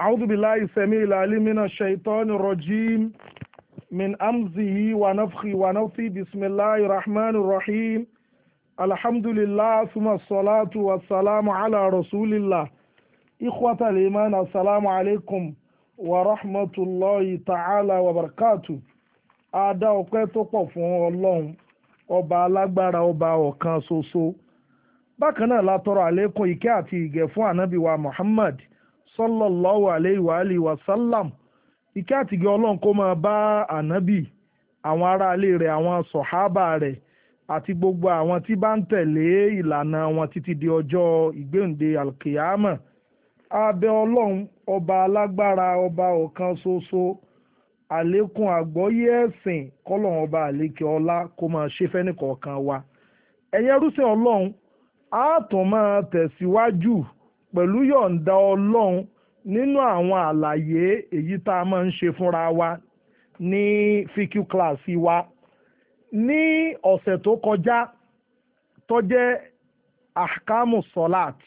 أعوذ بالله السميع العليم من الشيطان الرجيم من أمزه ونفخي ونفثه بسم الله الرحمن الرحيم الحمد لله ثم الصلاة والسلام على رسول الله إخوة الإيمان السلام عليكم ورحمة الله تعالى وبركاته ada ọpẹ́ tó pọ̀ fún Ọlọ́run ọba alágbára ọba ọ̀kan ṣoṣo bákan náà la tọrọ àlékún ìkẹ́ àti ìgẹ̀ fún ànábì Muhammad sallallahu alayhi wa alihi wa sallam ìkẹ́ àtìgẹ́ ọlọ́run kó máa bá ànábì àwọn aráalé rẹ̀ àwọn sọ̀hábà rẹ̀ àti gbogbo àwọn tí bá ń tẹ̀lé ìlànà wọn títí di ọjọ́ ìgbéǹde alkiyama abẹ́ ọlọ́run ọba alágbára ọba ọ̀kan ṣoṣo àlékún àgbọ́yé ẹ̀sìn kọ́lọ́run ọba àlékè ọlá kó máa ṣe fẹ́nìkọ̀ọ̀kan wa ẹ̀yẹ́rúsìn ọlọ́run a máa tẹ̀síwájú. Si pẹ̀lú yọ̀ǹda ọlọ́run nínú àwọn àlàyé èyí tá a máa ń ṣe fúnra wa ní fíkú kíláàsì wa ní ọ̀sẹ̀ tó kọjá tó jẹ́ ahkamu salat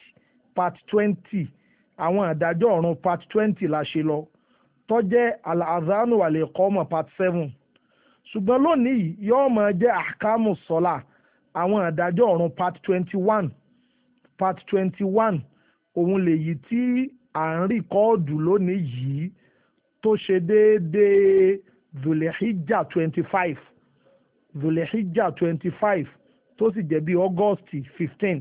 part twenty àwọn àdájọ́ ọ̀run part twenty la ṣe lọ tó jẹ́ al-adhanu part seven ṣùgbọ́n lónìí yóò máa jẹ́ ahkamu salat àwọn àdájọ́ ọ̀run part twenty one part twenty one òun lèyí tí à ń rìkọ́ọ̀dù lónìí yìí tó ṣe déédéé zulehijjah twenty five zulehijjah twenty five tó sì jẹ́ bí august fifteen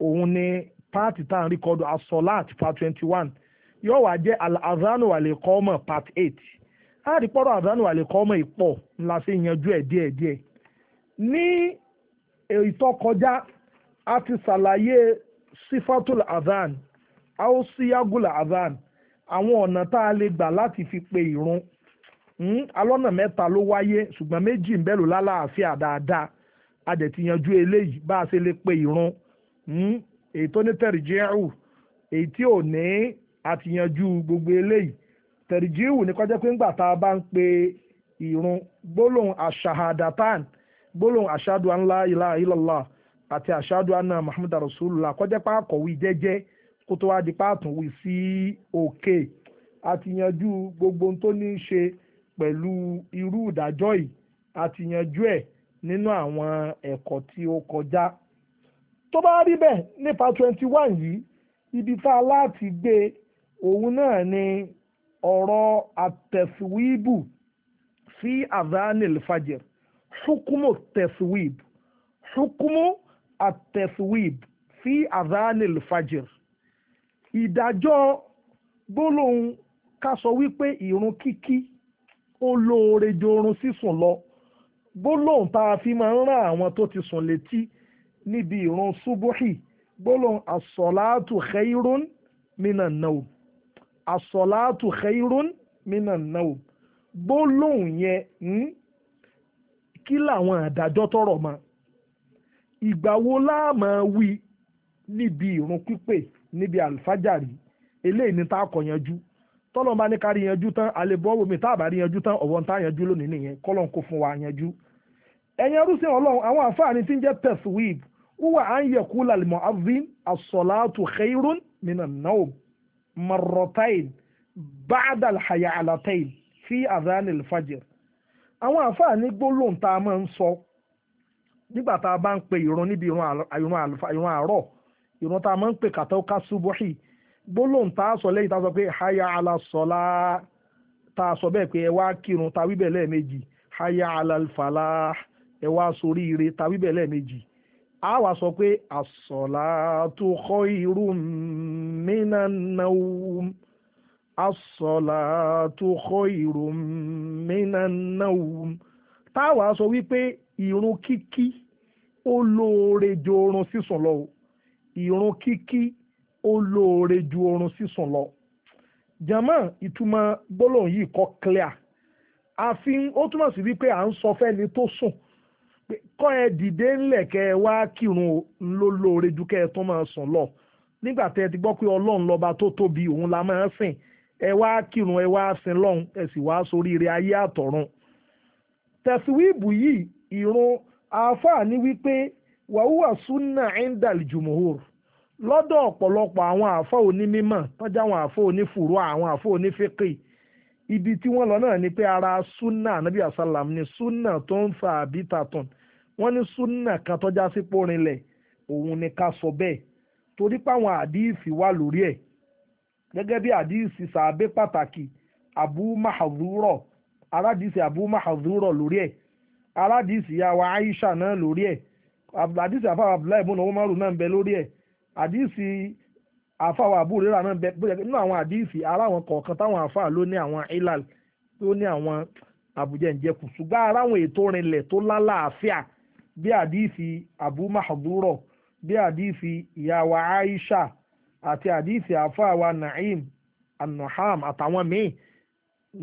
òun ni páàtì tá à ń rìkọ́ọ̀dù asolat part twenty one yóò wá jẹ́ al-azanu wal-iqama part eight àdìpọ́rọ̀ àdánù àlèkọ́mọ̀ ìpọ̀ la ṣe yanjú ẹ̀ díẹ̀díẹ̀ ní ìtọ́kọjá a ti ṣàlàyé sifatul adhan aw siyagul adhan àwọn ọ̀nà tá a lè gbà láti fi pe ìrun hmm, alọ́nà mẹ́ta ló wáyé ṣùgbọ́n méjì ń bẹ̀rù lálàáfíà dáadáa a dẹ̀ ti yanjú eléyìí bá a ṣe lè pe ìrun hmm, èyí tó ní tẹ̀rìjíhù èyí tí ò ní àtìyanjú gbogbo eléyìí tẹ̀rìjíhù ní kọjá pé ńgbà tá a bá ń pe ìrun gbólóhùn àṣàhàdàtàn gbólóhùn àṣàdùn an la ilaha illallah àti àṣàdù anna muhammadu rasulullah kọjá pa àkọ̀wé jẹ́jẹ́ kó tó wá di páàtún wí sí òkè àti yanjú gbogbo ohun tó ní í ṣe pẹ̀lú irú ìdájọ́ yìí àti yanjú ẹ̀ nínú àwọn ẹ̀kọ́ tí ó kọjá tó bá rí bẹ́ẹ̀ nípa twenty one yìí ibi tá a láti gbé òun náà ni ọ̀rọ̀ àtẹ̀síwíbù sí azanil fajr hukumu tẹ̀síwíbù hukumu atẹ̀síwìb fi azanil fajr ìdájọ́ gbólóhùn ká sọ wípé ìrun kíkí ó lóore jorun sísùn lọ gbólóhùn tá a fi máa ń rán àwọn tó ti sùn létí níbi ìrun subuhi gbólóhùn asọ̀láàtù khairun minan naum asọ̀láàtù khairun minan naum gbólóhùn yẹn hmm, kí làwọn àdájọ́ tọrọ mọ́ ìgbà wo la máa wí níbi ìrun pípè níbi àlùfájàrí eléyìí ni tá a kọ̀ yanjú tọ́lọ́n bá ní ká rí yanjú tán àlebọ́wò mi tá a bá rí yanjú tán ọ̀wọ́ ń tá yanjú lónìí nìyẹn kọ́lọ́n kò fún wa yanjú. ẹ̀yin arúgbó ọlọ́run àwọn àǹfààní tí ń jẹ́ taswib wúwà à ń yẹ kú lálẹ́mọ̀ avin asọ̀láàtù khairun minan naum marrotain ba'dal hayalatain fi adhanil fajr. àwọn àǹfààní gbólóhùn tá a máa ń sọ nígbà tá a bá ń pe ìrun níbi ìrun àárọ̀ ìrun tá a máa ń pè kàtọ́ ká ṣubúhì gbólóhùn tá a sọ lẹ́yìn tá a sọ pé haya alasọ́lá tá a sọ bẹ́ẹ̀ pé ẹ wá kírun tá a wí bẹ́ẹ̀ lẹ́ẹ̀mejì haya alalfàlá ẹ wá sórí ire tá a wí bẹ́ẹ̀ lẹ́ẹ̀mejì a wá sọ pé asọ́lá tó kọ́ irú minan asọ́lá tó kọ́ irú minan tá a wá sọ wípé ìrun kíkí ó lóore ju oorun sísùn lọ o ìrun kíkí ó lóore ju oorun sísùn lọ jama ìtumọ̀ gbólóhùn yìí kọ́ clear àfi ó túmọ̀ sí wípé à ń sọ fẹ́ni tó sùn kọ́ ẹ dìde ńlẹ̀ kẹ́ ẹ wá kírun o ló lóore ju kẹ́ ẹ tó máa sùn lọ nígbà tẹ́ ẹ ti gbọ́ pé ọlọ́run lọ́ba tó tóbi òun la máa ń sìn ẹ wá kírun ẹ wá sin lọ́hùn ẹ sì wá sóríire ayé àtọ̀run tẹ̀síwíìbù yìí ìrun ni ní wípé wàhùwà sunna indal jumhur lọ́dọ̀ ọ̀pọ̀lọpọ̀ àwọn àáfàá onímọ̀ tọ́jà àwọn àáfàá onífùrú àwọn afọ onífẹ́kì ibi tí wọn lọ náà ni pé ara sunna anabi asalam ni sunna tó n fa àbítàtàn ní sunna kan tọ́já sí sọ abu ara abu e. aládìsí yàwá Aisha náà lórí e àdìsí àfàwà Abdullahi ibùnà Umaru náà ń bẹ lórí ẹ̀ àdìsí àfàwà àbúrérà náà bẹ bóyá nínú àwọn ara kọ̀ọ̀kan táwọn àfà ló ní àwọn ilal tó ní àwọn àbújẹ́ ìjẹkù ṣùgbọ́n ara ètò rinlẹ̀ tó lálàáfíà bí àdìsí Abu Mahduro bí àdìsí ìyàwó Aisha àti àdìsí àfàwà Naim anaham àtàwọn míì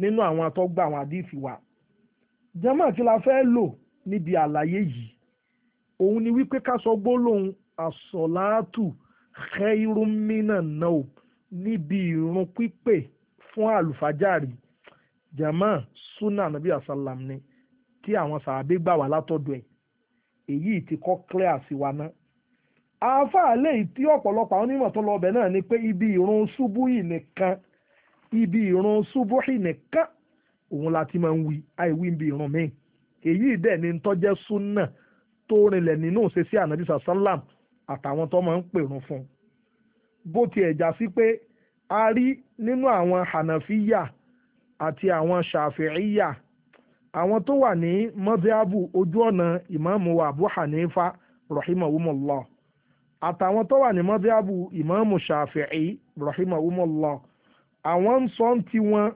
nínú àwọn atọ́gbà àwọn wa jẹ́mọ̀ kí la fẹ́ lò níbi àlàyé yìí òun ni wípé ká sọ gbólóhùn àsọ̀láàtù xẹ́irúmínà náà níbi ìrun pípè fún àlùfájàrí jẹ́mọ̀ súnà nàbí àsálàm ni tí àwọn sàábé gbà wá látọ̀dọ̀ ẹ̀ èyí tí kọ́ clear sí wa náà àáfàá léyìí tí ọ̀pọ̀lọpọ̀ àwọn onímọ̀ tó lọ ọbẹ̀ náà ni pé ibi ìrun ṣubú yìí nìkan ibi ìrun ṣubú yìí nìkan òun la ti máa ń wí àìwí ń bi ìrun míì èyí dẹ̀ ni tọ́jẹ́ súnà tó rinlẹ̀ nínú ìṣesí ànábì sàlám àtàwọn tó máa ń pèrun fún un bó tiẹ̀ já sí pé a rí nínú àwọn hànàfíyà àti àwọn ṣàfíìyà àwọn tó wà ní mọ́díábù ojú ọ̀nà ìmáàmù abu hanifa rahimahumullah àtàwọn tó wà ní mọ́díábù ìmáàmù ṣàfíì rahimahumullah àwọn ń sọ ń tiwọn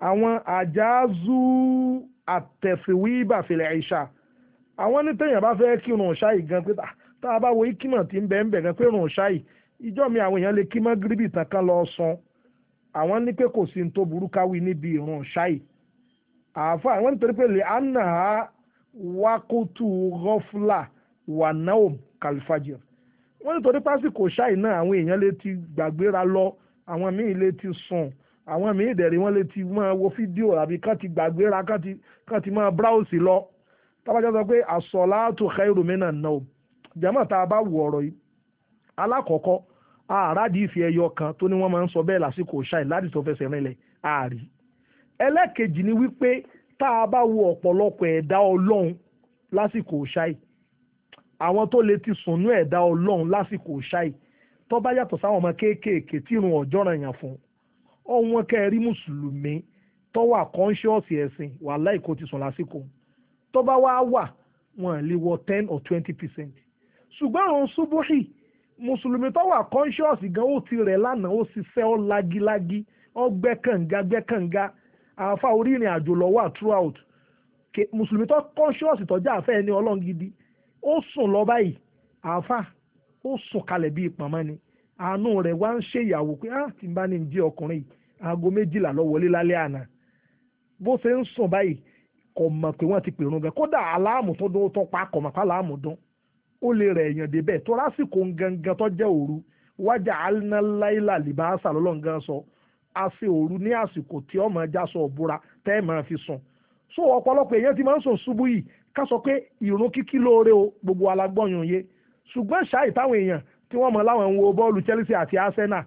àwọn àjáàzú àtẹ̀fìwíbà fìlẹ̀ ìṣà àwọn ní tẹ̀yìn bá fẹ́ kírun ṣáì gan pé ah, tá a bá wo ikímọ̀ tí ń bẹ̀ ń bẹ̀ gan pé rùn ṣáì ìjọ mi àwọn èèyàn lè kí mọ́gíríbì tán kan lọ san àwọn ní pé kò sí ní tó burú káwí níbi ìrùn ṣáì àáfà àwọn nítorí pé lè anna ha wákòtù rọ́fúlà wà náà kàlífàjìr wọ́n nítorí pásìkò ṣáì náà àwọn èèyàn lè ti gbàgbéra lọ àwọn míì lè ti sùn àwọn míì dẹ̀rí wọ́n lè ti máa wo fídíò àbí kán ti gbàgbéra kán ti máa bráùsì lọ tábàjá sọ pé àsọ̀láàtò khairu mena náà jẹ́mọ̀ tá a bá wo ọ̀rọ̀ yìí alákọ̀ọ́kọ́ àràdì ìfì ẹyọ kan tó ní wọ́n máa ń sọ bẹ́ẹ̀ lásìkò ṣáì láti tó fẹsẹ̀ rinlẹ̀ ààrí ẹlẹ́ẹ̀kejì ni wípé tá a bá wo ọ̀pọ̀lọpọ̀ ẹ̀dá ọlọ́run lásìkò ṣáì àwọn tó lè ti sùnú ẹ̀dá ọlọ́run lásìkò ṣáì tó sáwọn ọmọ kéékèèké tí irun ọ̀jọ́ràn yàn fún ọ̀wọ́n kẹrí mùsùlùmí tó wà kọ́ńṣọ́ọ̀sì ẹ̀sìn wàláì kò ti sùn lásìkò tó bá wá wà wọn lè wọ ten or twenty percent ṣùgbọ́n àwọn ṣubúhì mùsùlùmí tó wà kọ́ńṣọ́ọ̀sì gan ó ti rẹ̀ lánàá ó ṣiṣẹ́ ó lagilagi ó gbẹ́kànga gbẹ́kànga àáfà orírìn àjò lọ́wọ́ throughout mùsùlùmí tó kọ́ńṣọ́ọ̀sì tọ́jà àfẹ́ ẹni ọlọ́run gidi ó sùn lọ báyìí àáfà ó sùn kalẹ̀ bíi pàmò ni àánú rẹ̀ wá ń ṣe ìyàwó pé ah tí n bá ní jí ọkùnrin aago méjìlá lọ wọlé lálẹ́ àná bó ṣe ń sùn báyìí kò mọ̀ pé wọ́n ti pè rún gan kódà aláàmù tó dún pa kò mọ̀ pa aláàmù dún ó lè rẹ̀ èèyàn débẹ̀ tó lásìkò gangan tó jẹ́ òru wájà libasa lọ́lọ́ngàn sọ a òru ní àsìkò tí ọmọ ẹja sọ fi sùn so ọ̀pọ̀lọpọ̀ èèyàn ti máa ń sọ tí wọ́n mọ̀ láwọn ń wo bọ́ọ̀lù Chelsea àti Arsenal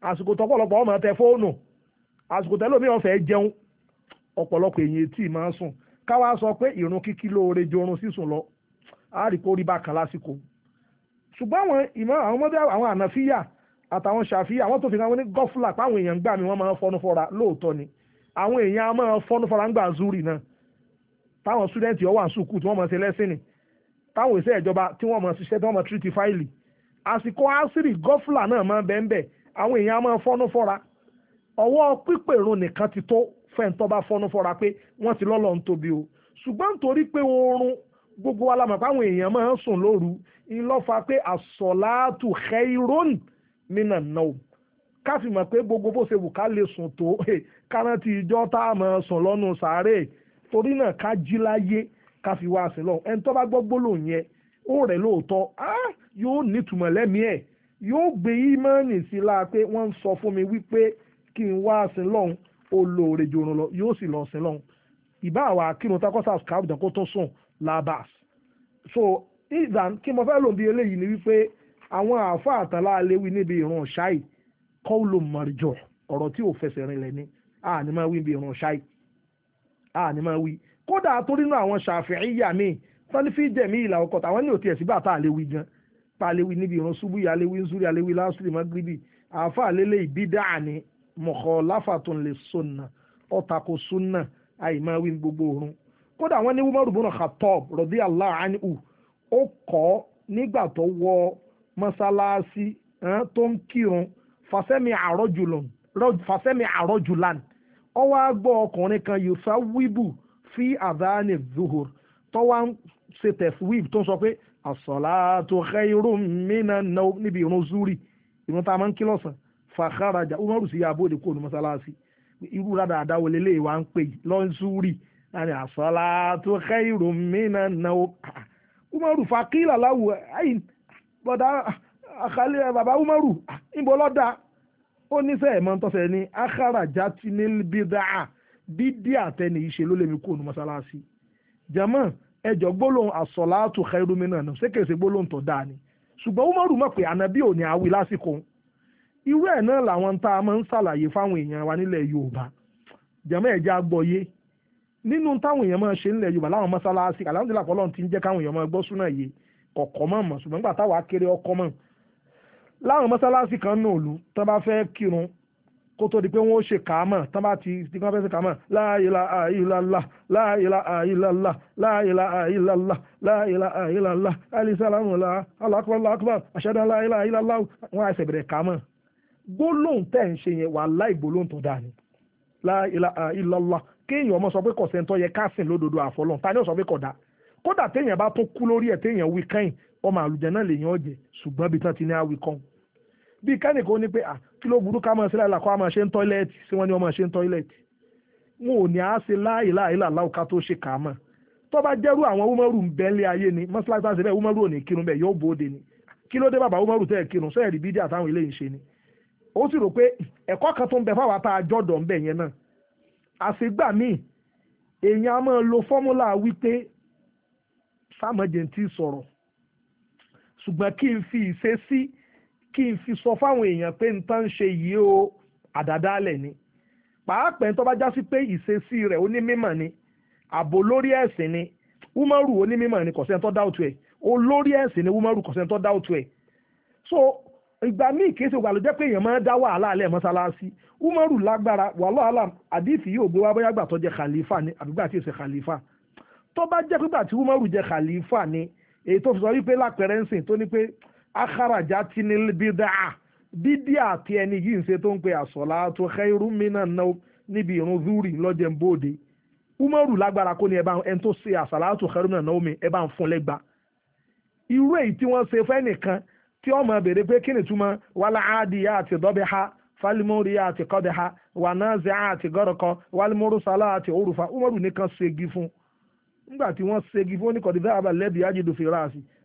àsìkò tọ́pọ̀lọpọ̀ ọmọ tẹ fóònù àsìkò tẹ́lómi ọ̀fẹ́ jẹun ọ̀pọ̀lọpọ̀ èyí tí máa ń sùn káwá sọ pé ìrun kíkí lóore jorun sísùn lọ á rí kó rí bákan lásìkò ṣùgbọ́n àwọn ìmọ̀ àwọn ọmọdé àwọn ànàfíyà àtàwọn ṣàfihàn àwọn tó fi kan wọn ní gọ́fúlà páwọn èèyàn gbà mí wọ́n máa ń fọnú fọra lóòótọ́ ni àwọn èèyàn á máa fọnú fọra ń gbà zúrì náà táwọn súdẹ́ǹtì ọwọ́ àsùkù tí wọ́n máa ṣe lẹ́sìn ni táwọn ìṣe ìjọba tí wọ́n máa ṣiṣẹ́ tí wọ́n máa tírìtì fáìlì àsìkò asiri gọ́fúlà náà máa bẹ́ẹ̀ bẹ́ẹ̀ àwọn èèyàn máa fọ́nú fọ́ra ọwọ́ pípèrún nìkan ti tó fẹ́ǹtọ́ bá fọ́nú fọ́ra pé wọ́n ti lọ́lọ́ ń tóbi o ṣùgbọ́n nítorí pé oorun gbogbo wa la àwọn èèyàn máa ń sùn lóru ńlọ́fà pé àsọ̀láàtù khairun minan naum ká fi mọ̀ pé gbogbo bó ṣe wù ká lè sùn tó kárántì ìjọ tá a máa sùn lọ́nu sàárè torí náà ká jí láyé ká wá sí lọ ẹni bá gbọ́ gbólóhùn yẹn ó rẹ̀ lóòótọ́ yóò nítumọ̀ lẹ́mìí ẹ̀ yóò gbé ímánì sí i láà pé wọ́n ń sọ fún mi wípé kí n wá sin lọ́hùn ó lo òrè jòrò lọ yóò sì lọ sin lọ́hùn ìbá àwọn akírun takọ́sà káàbùdàn kó tó sùn labas so ìdàn kí mo fẹ́ lòun bí eléyìí ni wípé àwọn àáfàá àtàlà léwu níbi ìrun ṣáì kọ́ọ̀lù mọ̀rìjọ ọ̀rọ̀ tí ò fẹsẹ̀ rinlẹ̀ ni àní máa wí níbi ìrun ṣáì àní máa wí kódà torí náà àwọn ṣàfihàn yà míì sálífì jẹ̀mí ìlà ọkọ̀ tàwọn ní òtí ẹ̀ síbà tá a lè wí gan pa a lè wí níbi ìrun ṣubú yà a lè wí nsúrì a lè wí lásìrì magribi àáfà lélẹ̀ ìbídà ni mukhalafatun li sunna ọ̀tàkù sunna àìmọ́ wí gbogbo òrun kódà wọ́n ní Umar ibn Khattab radiyallahu anhu ó kọ́ nígbà tó wọ mọ́sálásí tó ń kírun fasẹ́mi àrọ́jùlán fasẹ́mi àrọ́jùlán ó wá gbọ́ ọkùnrin kan yusawibu fi adhani zuhur tó ṣe tẹ̀síwìf tó ń sọ pé as-salatu khayrun minan nawm níbi ìrun zuri ìrun tá a máa ń kí lọ́sàn fàkàràjà umaru sì yàbò òde kóònù mọ́sálásí irú rádàdà wọlé lè wá ń pè lọ́n zuri láti as-salatu khayrun minan nawm umaru fàkìlà láwù ayin bọ́dà àkàlẹ̀ bàbá umaru níbo lọ́dà ó ní sẹ́ẹ̀ mọ́ tọ́sẹ̀ ní àkàràjà tinil bídà bídí àtẹnìyí ṣe ló lè mi kóònù mọ́sálásí jama ẹjọ́ gbólóhùn àsọ̀láàtù xẹ́rùmínà náà ṣé kèsè gbólóhùn tó dáa ni ṣùgbọ́n Umaru mọ̀ pé ànábì ò ní awi lásìkò irú ẹ̀ náà làwọn tá a máa ń ṣàlàyé fáwọn èèyàn wa nílẹ̀ Yorùbá jẹ̀mọ́ ẹ̀jẹ̀ agbọ́yé nínú táwọn èèyàn máa ṣe nílẹ̀ Yorùbá láwọn mọ́ṣáláṣí aláǹdílà pọ́lọ́n ti ń jẹ́ káwọn èèyàn máa gbọ́ súnà yìí kọ̀kọ́ mọ̀ mọ̀ ṣùgbọ́n gbà táwa kéré ọkọ mọ̀ láwọn mọ́ṣáláṣí kan náà kó tó di pé wọ́n ṣe kàámọ̀ tán bá ti di kán fẹ́ ṣe kàámọ̀ la ilaha illallah la ilaha illallah la ilaha illallah la ilaha illallah alisalamu la alakubar alakubar aṣẹ́dá la ilaha illallah wọ́n àìsè bẹ̀rẹ̀ kàámọ̀ gbólóhùn tẹ̀ ń ṣe yẹn wallahi gbólóhùn tó dáa ni la ilaha illallah kéèyàn ọmọ sọ pé kọ̀sẹ̀ntọ́ yẹ káàsìn lódodo àfọlọ́n ta ni ó sọ pé kódà kódà téèyàn bá tún kú lórí ẹ̀ téèyàn wí kẹ́yìn ọmọ àlùjẹ náà lèèyàn jẹ ṣùgbọ́n bí tán ti ní àwí kan bí kẹ́nìkan ó ní pé à kí ló burú ká máa ṣe láìláà kó a máa ṣe ń tọ́ílẹ̀tì sí wọ́n ní wọ́n máa ṣe ń tọ́ílẹ̀tì wọn ò ní á ṣe láìláà ìlà láwùká tó ṣe kàá mọ̀ tó bá jẹ́rú àwọn umaru ń bẹ́ lé ayé ni mọ́ṣáláṣí àti bẹ́ẹ̀ umaru ò ní kírun bẹ́ẹ̀ yóò bóde ni kí ló dé bàbá umaru tẹ́ ẹ̀ kírun sọ́yẹ̀ rí bídíà táwọn eléyìí ṣe ni ó sì rò pé ẹ̀kọ́ kan tó ń bẹ fáwọn apá àjọ̀dọ̀ ń bẹ̀ yẹn náà àṣegbà míì èèyàn a máa lo fọ́múlà wípé sámọ̀jẹ̀ ti sọ̀rọ̀ ṣùgbọ́n kí n fi ìṣesí kí n fi sọ fáwọn èèyàn pé n tán ń ṣe yìí o àdádálẹ̀ ni pàápàá tó bá já sí pé ìṣesí rẹ̀ ó ní mímọ̀ ni àbò lórí ẹ̀sìn ni wúmọ́rù ó ní mímọ̀ ni kọ̀sẹ́ tó dá òtún ẹ̀ olórí ẹ̀sìn ni wúmọ́rù kọ̀sẹ́ tó dá òtún ẹ̀ so ìgbà míì kìí ṣe wà ló jẹ́ pé èèyàn máa ń dá wàhálà alẹ́ mọ́sálásí umaru lágbára wàhálà alam àdìsí yóò gbé wá bóyá gbà tó khalifa ni àdúgbà tí khalifa tó bá jẹ́ umaru jẹ khalifa ni èyí tó fi sọ wípé lápẹrẹ akarajà tí ní bídáà bídíà àti ẹni yìí ń ṣe tó ń pe àsọ̀lá tó xẹ́rú mìíràn náà níbi ìrún zúrì lọ́jẹ̀ ń bóde umaru lágbára kó ní ẹ bá ẹni tó ṣe àsàlá tó xẹ́rú mìíràn náà omi ẹ bá ń fún lẹ́gbàá irú èyí tí wọ́n ṣe fẹ́nìkan tí ọmọ béèrè pé kí ni túmọ̀ wàlá àdìyà àti dọ́bẹ̀ ha falimori àti kọ́dẹ̀ ha wànáàzì àti gọ́rọ̀kọ walimorusala àti òrùfà umaru nìkan ṣègi fún nígbà tí wọ́n ṣègi fún oníkọ̀dé dáhàbà lẹ́bi ájídò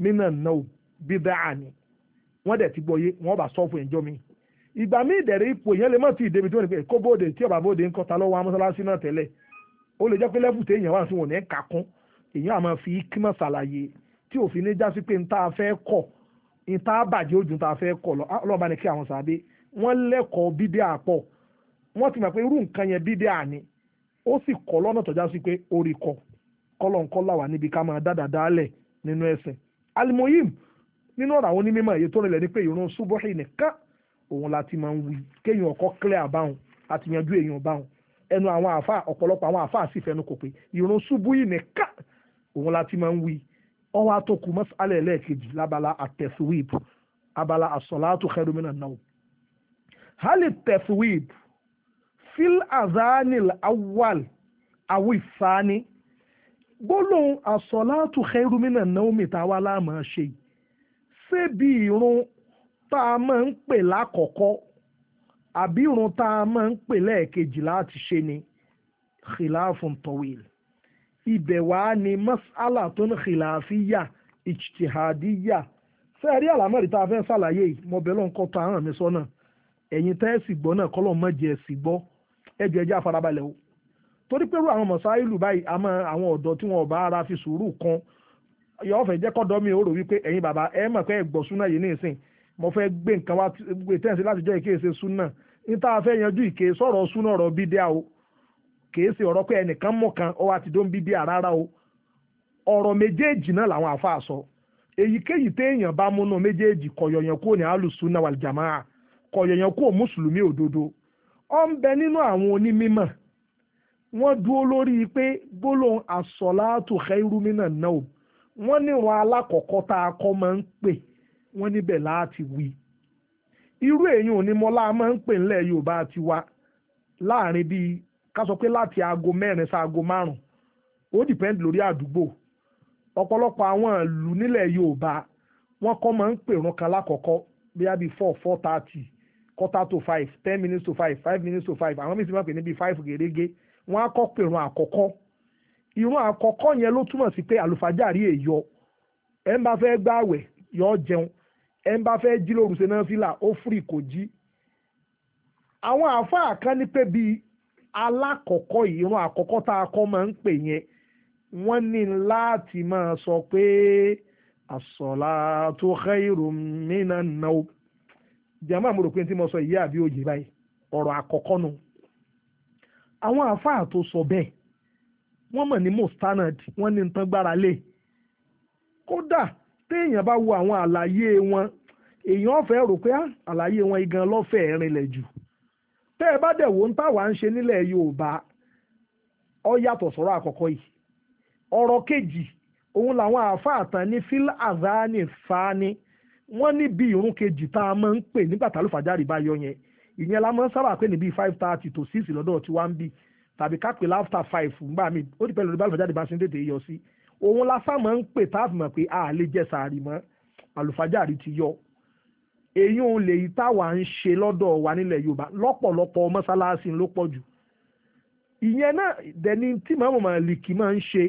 mínà náà bíbẹ́ àní wọ́n dẹ̀ ti gbọ́ yé wọ́n bá sọ́ọ̀fù ẹ̀jọ́ mi ìgbà míì dẹ̀rẹ̀ ipò èèyàn lè má ti débi tó ní pé kó bóde tí ọba bóde ń kọta lọ́wọ́ amọ́sálásí náà tẹ́lẹ̀ ó lè jẹ́ pé lẹ́fù tí èèyàn wà sí wọn ní kakún èèyàn àmọ́ fi kímọ̀ ṣàlàyé tí òfin ní jásí pé nta fẹ́ kọ̀ nta bàjẹ́ ojú nta fẹ́ kọ̀ ah, lọ́ọ̀bá ni kí àwọn sàbẹ nínú ẹ̀sìn alimoyim nínú ọ̀rọ̀ àwọn onímọ̀ èyí tó rẹlẹ̀ ni pé ìrun subuhi nìkan òun la ti máa ń wí kéèyàn ọkọ clear báwọn àti yanjú èèyàn báwọn ẹnu àwọn àfa ọ̀pọ̀lọpọ̀ àwọn àfa sì fẹnu pé ìrun subuhi nìkan òun la máa ń wí ọwọ́ àtọkù mọ́sálẹ̀ lẹ́ẹ̀kejì lábala àtẹ̀síwìb abala àsọ̀láàtù kẹrùmínà náà hali tẹ̀síwìb fil azanil awal awifani gbólóhùn àsọ̀láàtù khairu minan naumi tá a wá láàmú ṣe ṣé bí irun tá a máa ń pè lákọ̀ọ́kọ́ àbí irun tá a máa ń pè lẹ́ẹ̀kejì láti ṣe ni khilafun tawil ibẹ̀ wá ni mas'ala tó ní khilafiyya ijtihadiyya ṣé ẹ rí àlámọ̀rí tá a fẹ́ ṣàlàyé yìí mo bẹ̀ lọ́n kọ́ tó àrùn mi sọ́nà ẹ̀yin tẹ́ẹ̀sì gbọ́ náà kọ́lọ́ mọ́jẹ̀ẹ́sì gbọ́ ẹjọ́ ẹjẹ́ àfarabalẹ̀ o torí pé irú àwọn mọ̀sáìlù báyìí àmọ́ àwọn ọ̀dọ́ tí wọ́n bá ara fi sùúrù kan yọ fẹ́ jẹ́ kọ́dọ̀ mi ò rò wípé ẹ̀yin bàbá ẹ mọ̀ pé ẹ̀gbọ́ súnà yìí nísìn mo fẹ́ gbé nǹkan wá gbé tẹ́ǹsì láti jẹ́ ìkéyè ṣe súnà níta fẹ́ yanjú ìké sọ̀rọ̀ súnà ọ̀rọ̀ bídíà o kìí ṣe ọ̀rọ̀ pé ẹnìkan mọ̀ kan ọ dó ń rárá o ọ̀rọ̀ méjèèjì náà làwọn sọ wọ́n dúró lórí pé gbólóhùn àsọ̀láàtò xẹ́rúmínà náà wọ́n nírun alákọ̀ọ́kọ́ tá a kọ́ máa ń pè wọ́n níbẹ̀ láti wí irú èyàn ni mọ́lá máa ń pè ńlẹ̀ Yorùbá ti wá láàrin bíi ká sọ pé láti aago mẹ́rin sí aago márùn-ún ó dìpẹ́ndì lórí àdúgbò ọ̀pọ̀lọpọ̀ àwọn ìlú nílẹ̀ Yorùbá wọ́n kọ́ máa ń pèrun kan lákọ̀ọ́kọ́ bíi àbí four four thirty quarter to five ten minutes to five five minutes to five àwọn míì sì máa pè ní bíi five gèrègé wọ́n á kọ́ pé irun àkọ́kọ́ irun àkọ́kọ́ yẹn ló túmọ̀ sí pé àlùfájàrí èyọ ẹ ń bá fẹ́ gbààwẹ̀ yọ jẹun ẹ ń bá fẹ́ jí lóru ṣe náà fìlà ó fúrì kò jí àwọn àáfàá kan ní pé bíi alákọ̀ọ́kọ́ irun àkọ́kọ́ tá a kọ́ máa ń pè yẹn wọ́n ní láti máa sọ pé as-salatu khayrun minan nawm jàmáà mo rò pé tí mo sọ ìyá àbí òye báyìí ọ̀rọ̀ àkọ́kọ́ nù. No àwọn àáfàá tó sọ bẹ́ẹ̀ wọ́n mọ̀ ní mustanad wọ́n ní nǹkan gbára lé kódà téèyàn bá wo àwọn àlàyé wọn èèyàn ọ̀fẹ́ rò pé ah, àlàyé wọn igan lọ́fẹ̀ẹ́ rinlẹ̀ jù tẹ́ ẹ bá dẹ̀ wo ń táwa ń ṣe nílẹ̀ Yorùbá ọ yàtọ̀ sọ̀rọ̀ àkọ́kọ́ yìí ọ̀rọ̀ kejì òun làwọn àáfàá tán ní azani fani wọ́n ní bí irun kejì tá a máa ń pè nígbà tá ló bá yọ yẹn ìyẹn five thirty to six lọ́dọ̀ tí wọ́n ń tàbí ká láfta five ńgbà mi ó ti pẹ́ lórí bálùfájáde bá ṣe ń tètè yọ sí òun lásán máa ń pè táàfù mọ̀ pé a lè jẹ sàárì mọ́ àlùfájàrí ti yọ èyí òun lè táwa ń ṣe lọ́dọ̀ wa nílẹ̀ Yorùbá lọ́pọ̀lọpọ̀ mọ́sálásí ló pọ̀ jù ìyẹn náà dẹni tí mọ́mọ́ màlìkì máa ń ṣe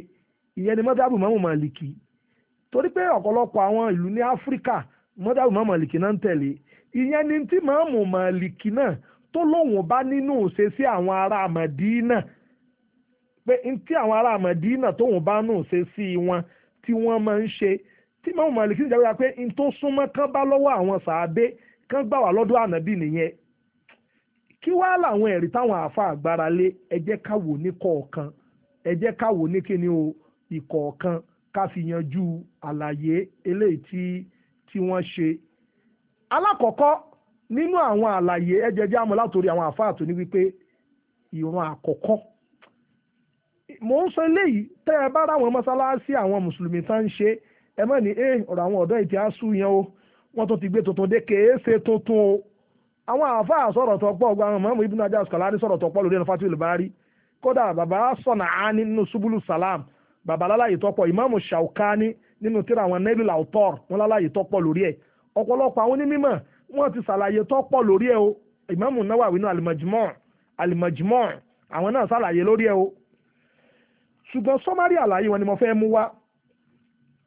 ìyẹn ni mọ́tàbù mọ́mọ́ màlìkì torí pé ọ̀pọ̀lọpọ̀ àwọn ìlú ní Áfíríkà mọ́tàbù mọ́mọ́ màlìkì náà ń tẹ̀lé ìyẹn ni tí mọ́mọ́ màlìkì náà tó lóun bá nínú ṣe sí àwọn ará Mádínà pé tí àwọn ará Mádínà tóun bá nù ṣe sí wọn tí wọ́n máa ń ṣe tí mọ́mú Málíkì sì jáwé pé n tó súnmọ́ kán bá lọ́wọ́ àwọn sàábé kán gbà wá lọ́dọ̀ ànábì nìyẹn kí wá làwọn ẹ̀rí táwọn àáfà àgbára lé ẹ jẹ́ ní kọ̀ọ̀kan ẹ jẹ́ ní kíni o ìkọ̀ọ̀kan ká fi yanjú àlàyé eléyìí tí wọ́n ṣe alákọ̀ọ́kọ́ nínú àwọn àlàyé ẹjẹ jẹ́ àmọ́ látòrí àwọn àfáà tó ní wípé ìran àkọ́kọ́ mò ń sọ eléyìí tẹ́ ẹ bá ráwọn mọ́sálásí àwọn mùsùlùmí tán ń ṣe ẹ mọ̀ ní eh, ọ̀rọ̀ àwọn ọdọ ìtì asú yẹn o wọ́n tún ti gbé tuntun dé kéése tuntun o àwọn àfáà sọ̀rọ̀ tó pọ̀ gba àwọn mọ̀mọ́ ibùdó ajá sọ̀lárí sọ̀rọ̀ tó pọ̀ lórí ẹnu fatiwil kódà subulu salam bàbá ìmáàmù Shaukani nínú tíra àwọn wọn wọ́n ti ṣàlàyé tó pọ̀ lórí ẹ̀ o ìmáàmù Nawawi náà alimajimọ́ alimajimọ́ àwọn náà ṣàlàyé lórí ẹ̀ o ṣùgbọ́n sọ́márì àlàyé wọn ni mo fẹ́ mú wá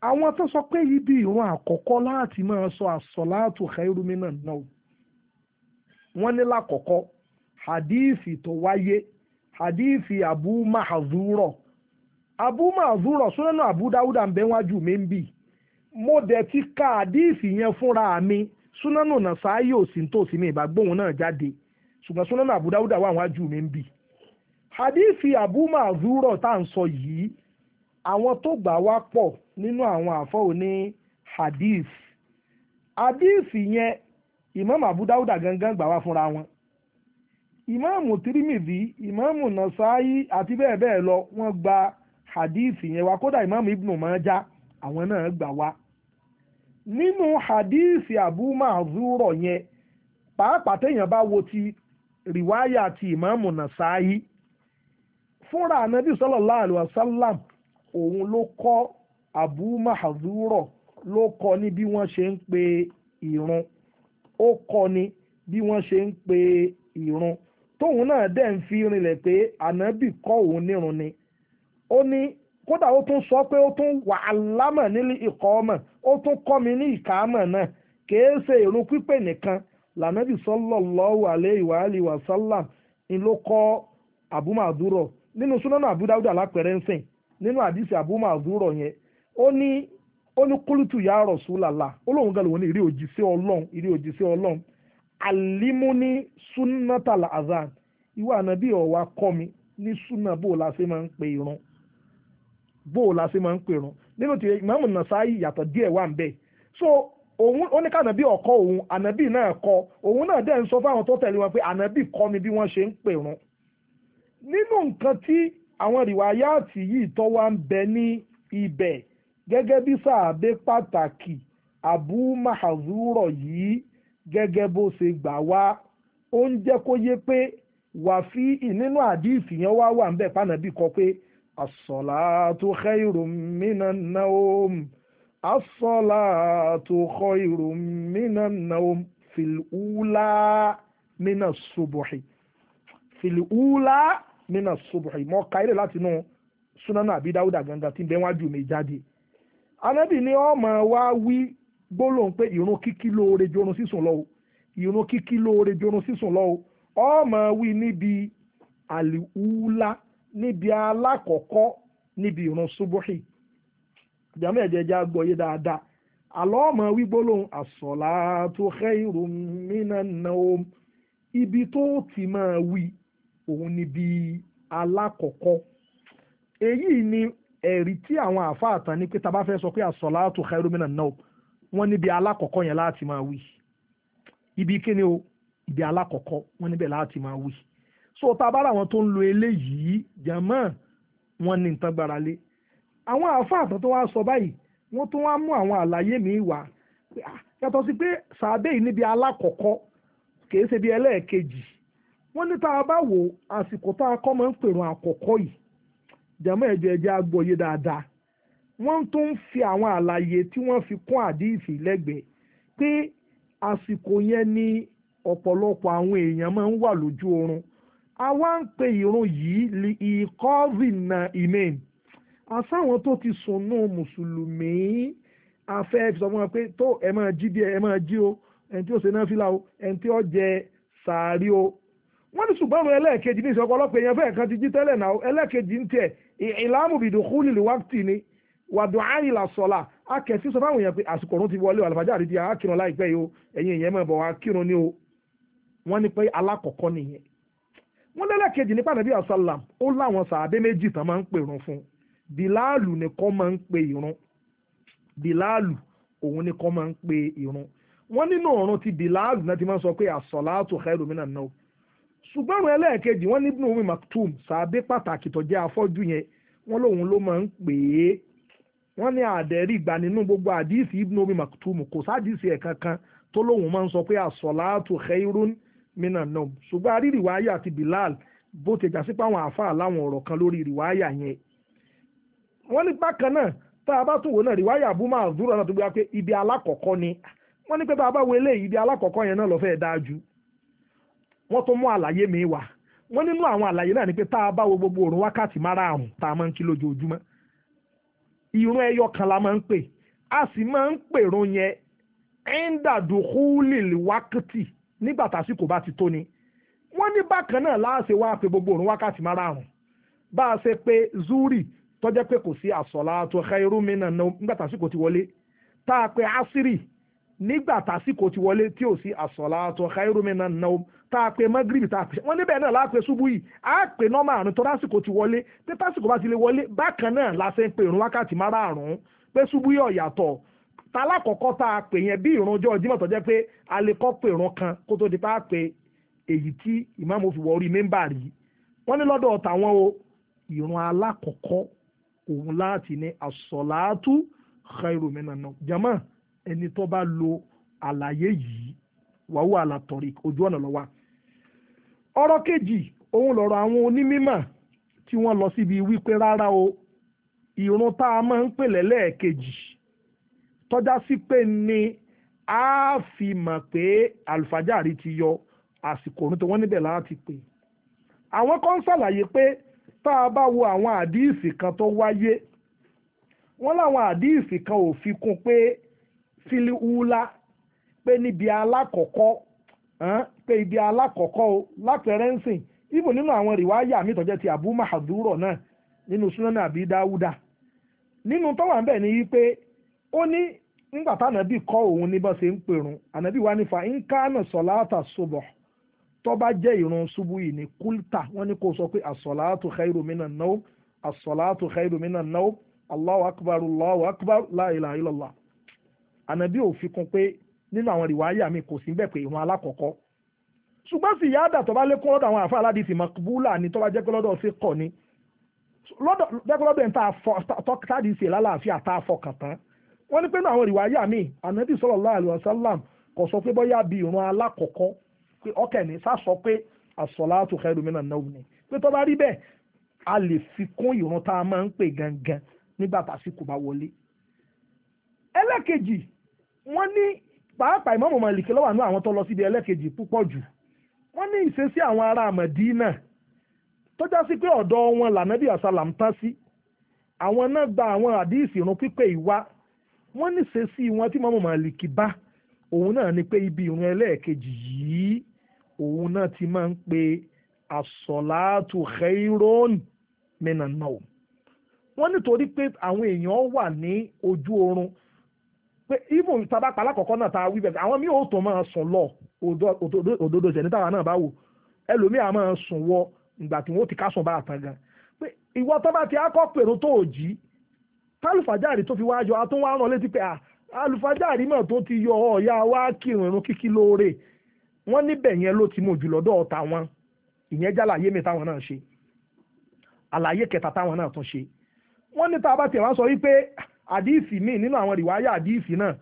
àwọn tó sọ pé ibi ìrun àkọ́kọ́ láti máa sọ àsọ̀láàtù khairumina náà wọ́n ní lákọ̀ọ́kọ́ hadithi tó wáyé hadithi abu mahazuro abu mahazuro súnánà abu dáúdà ń bẹ wájú mi ń bì mo dẹ̀ ti ka hadithi yẹn fúnra mi súnánù nàṣáyé òsì tòsí mi ìbá gbóhùn náà jáde ṣùgbọ́n súnánù àbúdáwúdà wà wọ́n ajú mi ń bì. hadithi abu mazuro tá à ń sọ yìí àwọn tó gbà wá pọ̀ nínú àwọn àfọ́ òní hadith hadith yẹn ìmáàmù àbúdáwúdà gangan gbà wá fúnra wọn ìmáàmù tirimidi ìmáàmù nàṣáyé àti bẹ́ẹ̀ bẹ́ẹ̀ lọ wọ́n gba hadith yẹn wá kódà ìmáàmù ibnu maja àwọn náà gbà wá. nínú hadíìsì Abu Ma'zurah yẹn pàápàá téèyàn bá wo ti rìwáyà ti ìmáàmù Nasa'i fúnra anabi sallallahu alaihi wasallam òun ló kọ́ Abu Ma'zurah ló kọ́ ní bí wọ́n ṣe ń pe ìrun ó kọ́ ní bí wọ́n ṣe ń pe ìrun tóun náà dẹ̀ ń fi rinlẹ̀ pé ànábì kọ́ òun nírun ni ó ní kódà ó tún sọ pé ó tún wà lámà nílé ikọ̀ ọmọ ó tún kọ́ mi ní ìkàámọ̀ náà kìí ṣe nìkan lànàbì sallallahu alayhi wa alihi wa sallam ni ló kọ́ àbúmàdúrọ̀ nínú súnánà àbúdáwúdà lápẹ̀rẹ̀ ń nínú àdìsí àbúmàdúrọ̀ yẹn ó ní ó ní kúlùtù ya Rasulullah ó lóun gan lòun ní ìrí òjíṣẹ́ ọlọ́run ìrí òjíṣẹ́ ọlọ́run àlímúní súnátàlà azan ìwà ànàbì ọ̀wà kọ́ mi ní bóò la ṣe máa ń pèrun nínú ti ìmáàmù Nasa'i yàtọ̀ díẹ̀ wà ń bẹ̀ so òun ó ní kànábì ọkọ òun ànábì náà kọ òun náà dẹ̀ ń sọ fáwọn tó tẹ̀lé wọn pé ànábì kọ́ mi bí wọ́n ṣe ń pèrun nínú nǹkan tí àwọn rìwáyáàtì yìí tó wá ń bẹ ní ibẹ̀ gẹ́gẹ́ bí sàábé pàtàkì Abu Mahazuro yìí gẹ́gẹ́ bó ṣe gbà wá ó ń jẹ́ kó yé pé wàá nínú àdìsí yẹn wá wà ń bẹ̀ pànàbì kọ pé as-salatu khayrun minan nawm as-salatu khayrun minan nawm fil-ula minas subuhi fil-ula minas subuhi mọ́ káyọ̀lẹ̀ láti nù súnánà àbí dáúdà gangan tí ń bẹ wájú mi jáde anábì ni ọmọ wa wí gbólóhùn pé ìrun kíkí lóore jorun sísùn lọ o ìrun kíkí lóore jorun sísùn lọ o ọmọ wí níbi àlìhúlá níbi alákọ̀ọ́kọ́ níbi ìrun subuhi jàmú ẹ̀jẹ̀ jẹ́ agbọ̀yé dáadáa àlọ́ ọmọ wígbólóhùn as-salatu khayrun minan nawm ibi tó ti máa wí òun níbi alákọ̀ọ́kọ́ èyí ni ẹ̀rí tí àwọn àáfàá tán ní pé tá a bá fẹ́ sọ pé as-salatu khayrun minan wọ́n níbi alákọ̀ọ́kọ́ yẹn láti máa wí ibi kíni o ibi alákọ̀ọ́kọ́ wọ́n níbẹ̀ láti máa wí so tá a bá làwọn tó ń lo eléyìí jàmọ́ wọn ní nǹkan gbára lé àwọn àáfàá àtọ́ tó wá sọ báyìí wọ́n tó wá mú àwọn àlàyé míì wá yàtọ̀ sí pé sàbẹ̀ yìí níbi alákọ̀ọ́kọ́ kìí ṣe bí ẹlẹ́ẹ̀kejì wọ́n ní tá a bá wò àsìkò tá a kọ́ máa ń pèrún àkọ́kọ́ yìí jàmọ́ ẹ̀jẹ̀ ẹ̀jẹ̀ agbóye dáadáa wọ́n tó ń fi àwọn àlàyé tí wọ́n fi kún àdífì lẹ́gbẹ̀ẹ́ pé àsìkò yẹn ni ọ̀pọ̀lọpọ̀ àwọn èèyàn máa ń wà lójú oorun àwa ń pe ìrun yìí li ìkọ́rì na imen àsáwọn tó ti sùnú mùsùlùmí afẹ́ sọ fún wa pé tó ẹ máa jí díẹ̀ ẹ máa jí o ẹni tí ó ṣe náfìlà o ẹni tí ó jẹ sàárì o wọ́n ní ṣùgbọ́n àwọn ẹlẹ́ẹ̀kejì ní ìṣọ̀kan ọlọ́pàá èèyàn fẹ́ẹ̀ kan ti jí tẹ́lẹ̀ náà ẹlẹ́ẹ̀kejì ń tiẹ̀ ìlàmù bìdùkúlì lè wákìtì ni wàdùn àyìnlá sọ̀la akẹ́sí sọ fáwọn èèyàn pé àsìkò ọ̀run ti wọlé àlùfáàjà àti àkírun láìpẹ́ yìí o ẹ̀yin èèyàn mọ̀ bọ̀ wá ni o wọ́n ní pé alákọ̀ọ́kọ́ nìyẹn wọ́n lẹ́lẹ́kejì nípa nàbí asalam ó láwọn sàábé méjì tán máa ń pè irun fún biláàlù nìkan máa ń pè irun biláàlù òun nìkan máa ń pè irun wọ́n nínú ọ̀run ti biláàlù náà ti máa ń sọ pé asọ̀láàtò khairu minan naw ṣùgbọ́n àwọn ẹlẹ́ẹ̀kejì wọ́n nínú omi umm maktum sàábé pàtàkì tó jẹ́ afọ́jú yẹn wọ́n lòun ló máa ń pè é wọ́n ní àdẹ́rì ìgbà nínú gbogbo àdìsí ibnu umm omi maktum kò sáàdìsí ẹ̀ kankan tó lòun máa ń sọ pé asọ̀láàtò khairun minan mina náà ṣùgbọ́n a rí rìwáyà àti Bilal bó ti jà sí pé àwọn àáfàá láwọn ọ̀rọ̀ kan lórí rìwáyà yẹn wọ́n ní bákan náà tá a bá tún wò náà rìwáyà Abu Ma'zura náà tó gbé wa pé ibi alákọ̀ọ́kọ́ ni wọ́n ní pé bá a bá wo eléyìí ibi alákọ̀ọ́kọ́ yẹn náà lọ fẹ́ẹ́ dáa ju wọ́n tún mú àlàyé mi wá wọ́n nínú àwọn àlàyé náà ni pé tá a bá wo gbogbo òrùn wákàtí márààrún tá a máa ń kí lójoojúmọ́ ìrun ẹyọ kan la máa ń pè a sì máa ń pèrun yẹn ẹ́ńdàdùkúlìlì wákàtí nígbà tásìkò bá ti tó ni wọ́n ní bákan náà láàṣẹ wá pé gbogbo òrùn wákàtí márààrún bá a ṣe pé zuri tọ́jẹ́ pé kò sí as-salatu khairum minan naum nígbà tásìkò ti wọlé tá a pé asiri nígbà tásìkò ti wọlé tí ò sí as-salatu khairum minan naum tá a pé magribi tá a pè wọ́n níbẹ̀ náà láàpẹ̀ ṣubú yìí á pè nọ́mà àrùn tó lásìkò ti wọlé pé tásìkò bá ti lè wọlé bákan náà láṣẹ ń òrùn wákàtí márààrún pé ṣubú yìí ó tálákọ̀ọ́kọ́ tá a pè yẹn bí ìrun ọjọ́ Jímọ̀ tó jẹ́ pé a lè kọ́ pé ìrun kan kó tó di pa á pé èyí tí ìmáàmù fi wọ orí mẹ́mbà rí wọ́n ní lọ́dọ̀ tàwọn o ìrun alákọ̀ọ́kọ́ òun láti ní àsọ̀láàtú khairu jama ẹni tó bá lo àlàyé yìí wàhùn àlàtọ̀rí ojú ọ̀nà lọ́wọ́ ọ̀rọ̀ kejì òun lọ̀rọ̀ àwọn onímímọ̀ tí wọ́n lọ síbi wípé rárá o ìrun tá a máa ń pè lẹ́lẹ́ẹ̀kejì tọ́já sí pé ni a fi mọ̀ pé àlùfájàrí ti yọ àsìkò òrùn tó wọ́n níbẹ̀ láti pè àwọn kan ṣàlàyé pé tá a bá wo àwọn àdíìsì kan tó wáyé wọ́n láwọn àdíìsì kan ò fi kún pé filiula pé níbi alákọ̀ọ́kọ́ pé ibi alákọ̀ọ́kọ́ o lápẹrẹ́nsìn ibò nínú àwọn rìwáyà mi tọ́jẹ́ ti Abu Mahaduro náà nínú Sunan Abi Dawuda nínú tó wà ń bẹ̀ ni wípé ó ní nígbà tánàbí kọ́ òun ní bá ṣe ń pèrún ànàbí wa nífa nkánà sọ̀láàtà ṣubọ̀ tó bá jẹ́ ìrun ṣubú yìí ní kúlta wọ́n ní kó sọ pé àsọ̀láàtù khairu minan nawm àsọ̀láàtù khairu minan nawm allahu akbar allahu akbar la ilaha illallah ànàbí ò fi kún pé nínú àwọn rìwáyà mi kò sí bẹ́ẹ̀ pé ìrun alákọ̀ọ́kọ́ ṣùgbọ́n sì yá àdà tó bá lékún lọ́dọ̀ àwọn àfa aládìsí makbúlà ni tó bá jẹ́ pé lọ́dọ̀ sí kọ̀ ni lọ́dọ̀ jẹ́ pé lọ́dọ̀ yẹn tá a fọ tá lálàáfíà tá a fọkàn tán wọ́n ní pé náà àwọn ìwáyà míì ànábì sallallahu alaihi wasallam kò sọ pé bóyá bíi ìrun alákọ̀ọ́kọ́ pé ọkẹ́ ní sá sọ pé as-salatu khairu ni pé tó bá rí bẹ́ẹ̀ a lè fi kún ìrun tá a máa ń pè gangan nígbà tásìkò bá wọlé. ẹlẹ́kejì wọ́n ní pàápàá Ìmáàmù Málíkì ló wà nínú àwọn tó lọ síbi ẹlẹ́kejì púpọ̀ jù wọ́n ní ìṣesí àwọn ará Mádínà tó já sí pé ọ̀dọ̀ wọn lànàbí àsálàm tán sí àwọn náà gba àwọn àdíìsì ìrun pípé ìwá wọ́n ní sẹ́sí wọn tí mọ́mọ́ màlìkì bá òun náà ni pé ibi ìrun ẹlẹ́ẹ̀kejì yìí òun náà ti máa ń pe àsọ̀láàtù khairon minan naum wọ́n nítorí pé àwọn èèyàn wà ní ojú oorun pé ibo tabapa alákọ̀ọ́kọ́ náà ta wí bẹ̀rẹ̀ àwọn míì ò tó máa sùn lọ òdodo tẹ̀ níta náà bá wò ẹlòmíà máa sùn wọ ìgbà tí wọ́n ti ká sùn bá àtàn pé ìwọ tó bá ti akọ́ pèrò tó ò jí tálùfájàrí tó fi wá yọ atún wá rán létí pé àlùfájàrí ah, mọ̀ tó ti yọ ọ̀ọ́yá wá kírun irun kíkí lóore wọ́n níbẹ̀ yẹn ló ti mú jù lọ́dọ̀ ọ̀tá wọn ìyẹn jẹ́ àlàyé mi táwọn náà ṣe àlàyé kẹta táwọn náà tún ṣe wọ́n ní tá a bá tiẹ̀ wá sọ wípé àdìsí míì nínú àwọn ìwáyà àdìsí náà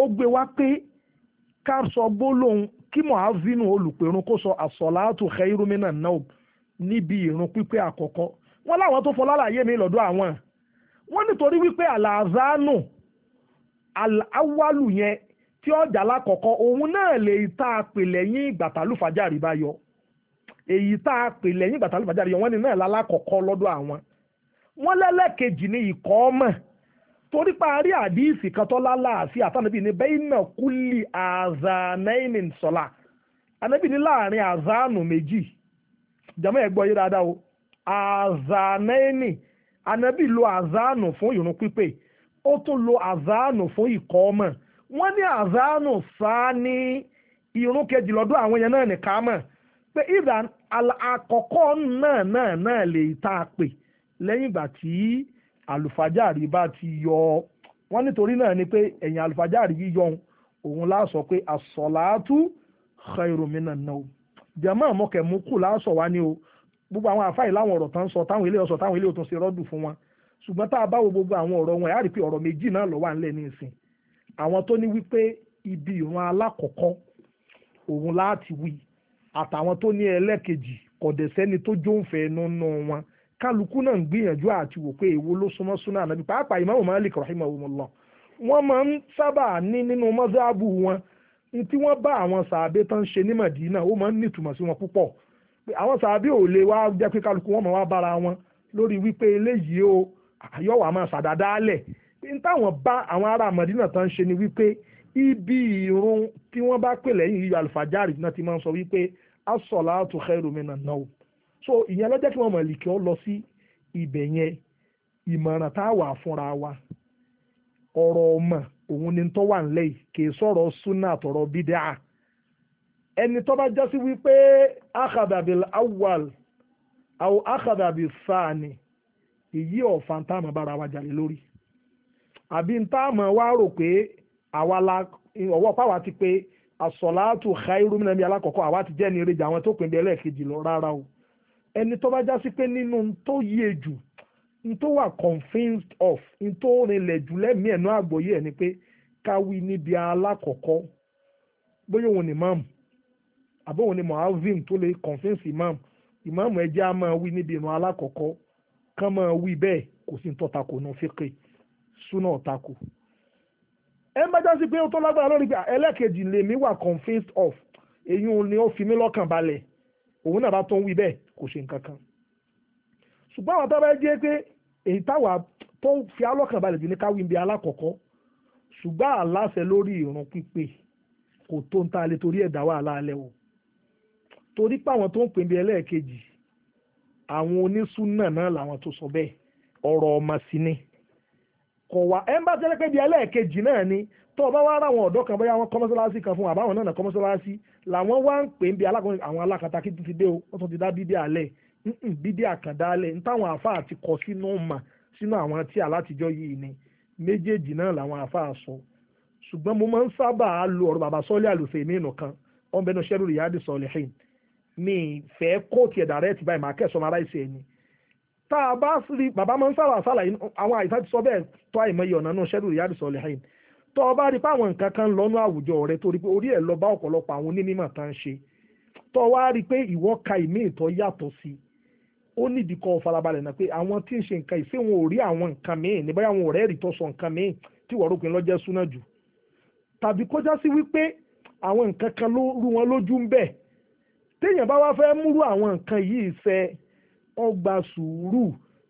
ó gbé wá pé ká sọ gbólóhùn kí mọ̀ávínú olùpẹ̀rún kó sọ àsọ̀láàtù khairumina náà níbi ìrun pípé àkọ́kọ́ wọ́n láwọn tó fọ lálàyé mi lọ́dọ̀ àwọn wọ́n nítorí wípé àlàzánù awálù yẹn tí ọjà lákọ̀ọ́kọ́ òun náà lè tá a pè lẹ́yìn ìgbà tálùfájàrí bá yọ èyí tá a pè lẹ́yìn ìgbà tálùfájàrí yọ wọ́n ní náà lálákọ̀ọ́kọ́ lọ́dọ̀ àwọn wọ́n lẹ́lẹ́kejì ní ìkọ́ ọmọ torí parí àdíìsì kan tó lálàáfíà àtànàbí ní bẹ́ẹ̀nà kúlì àzànẹ́ìnì sọ̀la ànábì ní láàrin àzánù méjì jàmọ́ ẹ̀ gbọ́ dáadáa o àzànẹ́ìnì ànábì lo àzánù fún ìrun pípè ó tún lo àzánù fún ìkọ́ ọmọ wọ́n ní àzánù sáà ní ìrun kejì lọ́dọ̀ àwọn yẹn náà nìkan mọ̀ pé ìdá àkọ́kọ́ náà náà náà lè tá a pè lẹ́yìn ìgbà tí àlùfájàrí bá ti yọ wọ́n nítorí náà ni pé ẹ̀yìn àlùfájàrí yíyọ òun láàsọ pé àsọ̀làátú khairu minan naum jàmáà mọ́kẹ̀mú kù láàsọ̀ wá ní o gbogbo àwọn àfáì láwọn ọ̀rọ̀ tán sọ táwọn ilé ọ̀sọ̀ táwọn ilé òtún ṣe rọ́dù fún wọn ṣùgbọ́n tá a bá wo gbogbo àwọn ọ̀rọ̀ wọn á rí pé ọ̀rọ̀ méjì náà ló wà ńlẹ̀ ní ìsìn àwọn tó ní wípé ibi ìran alákọ̀ọ́kọ́ òun láti wí àtàwọn tó ní ẹlẹ́kejì kọ̀dẹ̀sẹ́ni tó jóǹfẹ́ ẹnu nù wọn kálukú náà ń gbìyànjú àti wò pé èwo ló súnmọ́ súnà ànábì pàápàá Ìmáàmù Málík rahimahullah wọ́n máa ń sábà ní nínú mọ́sáàbù wọn tí wọ́n bá àwọn sàábé tán ṣe ní Màdínà ó máa ń nítumọ̀ sí wọn púpọ̀ àwọn sàbí ò lè wá jẹ́ pé kálukú wọn mọ̀ wá bára wọn lórí wípé eléyìí o àyọ̀wà máa ṣàdádálẹ̀ n táwọn bá àwọn ará Mádínà tán ń ṣe ni wípé ibi ìrun tí wọ́n bá pè lẹ́yìn yíyọ àlùfájárì náà ti máa ń sọ wípé as-salatu khairu minan nawm so ìyẹn ló jẹ́ kí wọ́n mọ̀ lìkì ọ́ lọ sí ibẹ̀ yẹn ìmọ̀ràn tá a wà fúnra wa ọ̀rọ̀ ọmọ òun ni tó wà ńlẹ̀ kì í sọ̀rọ̀ súnà àtọ̀rọ̀ bídẹ́à ẹni tó bá jásí wípé akhadabil awwal àwọn akhadabil sáàni èyí ọ̀fà táàmù bára wa jàlè lórí àbí táàmù wa rò pé àwa la ọwọ́ pàwá ti pé àsọ̀láàtù khairu minami alákọ̀ọ́kọ́ àwa ti jẹ́ ní ìrèjà àwọn tó pè ní ẹlẹ́ẹ̀kejì lọ rárá o ẹni tó bá jásí pé nínú tó yẹ jù tó wà convinced of tó rinlẹ̀ jù lẹ́mìí ẹ̀nú àgbọ́yé ẹ̀ ni pé káwí níbi alákọ̀ọ́kọ́ bóyá òun ni máàmù àbóhùn ni mohavim tó lè convince imam imam ẹjẹ́ a máa wí níbi ìran alákọ̀ọ́kọ́ kán máa wí bẹ́ẹ̀ kò sí tọ́takò náà fẹ́kẹ̀ súnà ọ̀takò ẹ má já sí pé ó tó lágbára lórí pé ẹlẹ́kejì lèmi wà convinced of èyí ni ó fi mí lọ́kàn balẹ̀ òun náà bá tó ń wí bẹ́ẹ̀ kò ṣe nǹkan kan ṣùgbọ́n àwọn tó bá jẹ́ pé èyí táwa tó ń fi alọ́kàn balẹ̀ jù ní káwí ibi alákọ̀ọ́kọ́ ṣùgbọ́n àláṣẹ lórí ìrun pípé kò tó ń ta alẹ́ torí ẹ̀dá wàhálà alẹ́ o torí pé àwọn tó ń pè ẹlẹ́ẹ̀kejì àwọn onísúnà náà làwọn tó sọ bẹ́ẹ̀ ọ̀rọ̀ ọmọ sí ni kọ̀ ẹ ń bá tẹ́lẹ̀ pé ẹlẹ́ẹ̀kejì náà ni tó o bá wá ra àwọn ọ̀dọ́ kan bóyá wọn kọ́mọ́sálásí kan fún àbáwọn náà kọ́mọ́sálásí làwọn wá ń pè ń bí alákùnrin àwọn alákatá kí dé o wọ́n tún ti dá bíbí àlẹ́ bíbí táwọn sínú sínú àwọn tí mi fẹ́ kóòtù ẹ̀dà rẹ̀ ti báyìí máa kẹ́ summarize ẹni tá a bá rí bàbá máa ń sábà sàlàyé àwọn àìsàn ti sọ bẹ́ẹ̀ tó àìmọye ọ̀nà náà ṣẹ́dúró yàrá ìsọ̀lẹ̀ hàn tó o bá rí páwọn nǹkan kan lọ́nú àwùjọ rẹ torí pé orí ẹ̀ lọ bá ọ̀pọ̀lọpọ̀ àwọn onímọ̀ tá ń ṣe tó o wá rí pé ìwọ ka ìmí ìtọ́ yàtọ̀ sí i ó nídìí kọ́ farabalẹ̀ náà pé àwọn tí ń ṣe nǹkan ìṣe wọn ò rí àwọn nǹkan míì ní bóyá àwọn ọ̀rẹ́ rí tó sọ nǹkan míì tí wọ́n rúpin lọ́jẹ́ súná jù tàbí kọjá sí wípé àwọn nǹkan kan ló rú wọn lójú ń bẹ̀ téèyàn bá wá fẹ́ múrú àwọn nǹkan yìí ṣe ọgbà sùúrù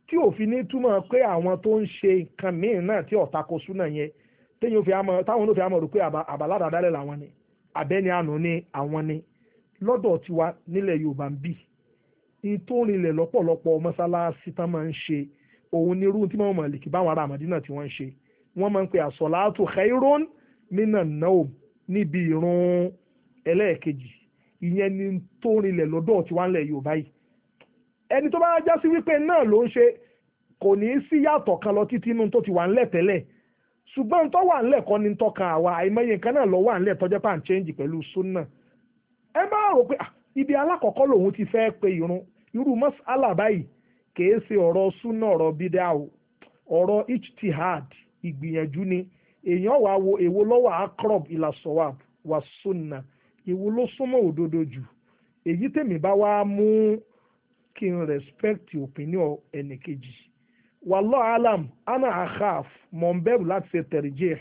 tí òfin ní túmọ̀ pé àwọn tó ń ṣe nǹkan míì náà tí ọ̀tá kò súnà yẹn téèyàn fi àmọ́ táwọn olófin àmọ́ rò pé àbáládà dálẹ̀ làwọn ni àbẹ́ni àná ni àwọn ni lọ́dọ̀ tiwa nílẹ̀ Yorùbá ń bì in tó rinlẹ̀ lọ́pọ̀lọpọ̀ mọ́sálásí tán máa ń ṣe òun ní irú tí wọ́n mọ̀ lìkì báwọn ará àmàdínà tí wọ́n ń ṣe wọ́n máa ń pe àsọ̀láàtò khairun nínà náà níbi ìrun ẹlẹ́ẹ̀kejì ìyẹn ni tó rinlẹ̀ lọ́dọ̀ tí wọ́n lẹ̀ Yorùbá yìí ẹni tó bá já sí wípé náà ló ń ṣe kò ní í sí yàtọ̀ kan lọ títí inú tó ti wà ńlẹ̀ tẹ́lẹ̀ ṣùgbọ́n tó wà ńlẹ̀ kọ́ ni tó kan àwa àìmọye nǹkan náà lọ́wọ́ wà ńlẹ̀ tọ́jẹ́ pà ń change pẹ̀lú sunna ẹ má rò pé ah, ibi alákọ̀ọ́kọ́ lòun ti fẹ́ pe irun irú mọ́sálà báyìí kìí ṣe ọ̀rọ̀ sunna ọ̀rọ̀ bídà o ọ̀rọ̀ ijtihad ìgbìyànjú ni èèyàn wàá wo èwo lọ́wọ́ akrab ìlàsọ̀wà wà sunna ìwo ló súnmọ́ òdodo jù èyí tèmi bá wá mú kí n respect opinion ẹnìkejì wàlọ́ alam ana akhaf mọ̀ ń bẹ̀rù láti ṣe tẹ̀rìjẹ́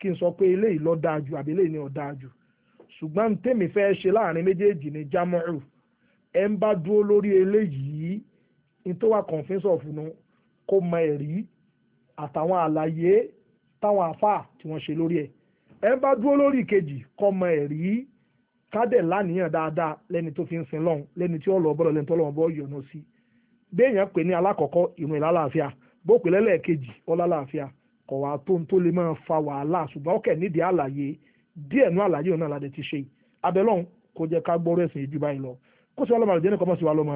kí n sọ pé eléyìí ló dáa jù àbí eléyìí ni ó dáa jù ṣùgbọ́n tèmi fẹ́ ṣe láàrin méjèèjì ní jámọ́rù ẹ ń bá dúró lórí eléyìí ní tó wà confidence of nu kó mọ ẹ̀rí àtàwọn àlàyé táwọn àfáà tí wọ́n ṣe lórí ẹ̀ ẹ ń bá dúró lórí ìkejì kó mọ ẹ̀rí kádẹ̀ láníyàn dáadáa lẹ́ni tó fi ń sin lọ́hùn lẹ́ni tí ọlọ́ bọ́lọ̀ lẹ́ni tó lọ́wọ́ bọ́ yọ̀nà sí béèyàn pè ní alákọ̀ọ́kọ́ ìrun ìlàlàáfíà bó pè lẹ́lẹ́ẹ̀kejì ọlálàáfíà kọ̀ wá tó ń tó lè máa fa wàhálà ṣùgbọ́n ọkẹ́ nídìí àlàyé díẹ̀ nú àlàyé òun náà ládẹ ti ṣe abẹ́lọ́hùn kò jẹ́ ká gbọ́rọ̀ ẹ̀sìn ìjú báyìí lọ kó sì wà lọ́mọ àlùjẹ́ nìkan mọ̀ sí wa lọ́mọ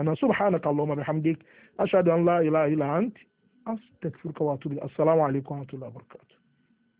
assalamu alaikum wa rahmatullahi wa